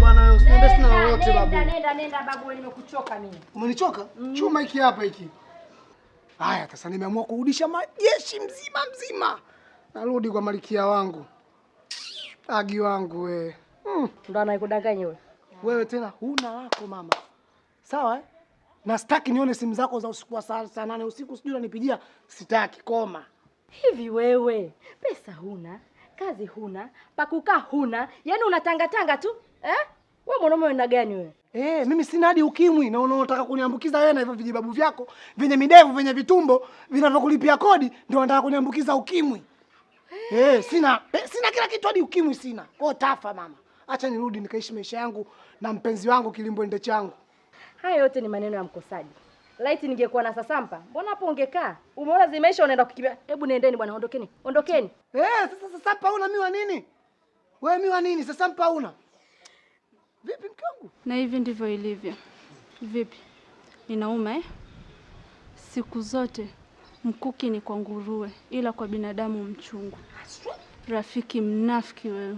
bwana, usinibebe sina lolote babu. Nenda nenda nenda babu, nimekuchoka mimi. Umenichoka? Mm. Chuma hiki hapa hiki. Haya sasa nimeamua kurudisha majeshi mzima mzima. Narudi kwa malikia wangu. Agi wangu we. Mm. Ndo anaikudanganya wewe. Wewe tena huna lako mama. Sawa eh? Na sitaki nione simu zako za usiku wa saa saa nane usiku sijui unanipigia, sitaki koma. Hivi wewe pesa huna, kazi huna, pakukaa huna, yani unatangatanga tu eh? We mwanaume una gani wewe? Eh, mimi sina hadi ukimwi na unaotaka kuniambukiza wewe na hivyo vijibabu vyako vyenye midevu vyenye vitumbo vinavyokulipia kodi ndio unataka kuniambukiza ukimwi. Eh. eh, sina eh, sina kila kitu hadi ukimwi sina. Kwa tafa mama. Acha nirudi nikaishi maisha yangu na mpenzi wangu kilimbo kilimbwende changu. Haya yote ni maneno ya mkosaji. Laiti ningekuwa na sasampa, mbona hapo ungekaa? Umeona zimeisha unaenda kukimbia. Hebu niendeni bwana, ondokeni. Ondokeni. Eh, hey, sasa sasampa una miwa nini? Wewe miwa nini? Sasampa una? Vipi mke wangu? Na hivi ndivyo ilivyo. Vipi, inauma eh? Siku zote mkuki ni kwa nguruwe, ila kwa binadamu mchungu. Rafiki mnafiki wewe.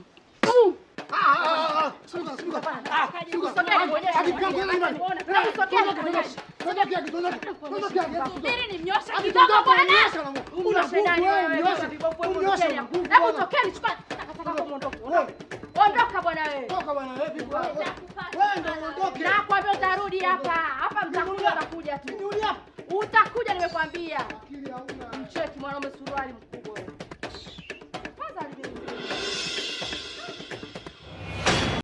Ondoka Nakwambia utarudi hapa hapa, mtakuja utakuja tu, utakuja nimekwambia. Mcheki mwanaume suruali mkuu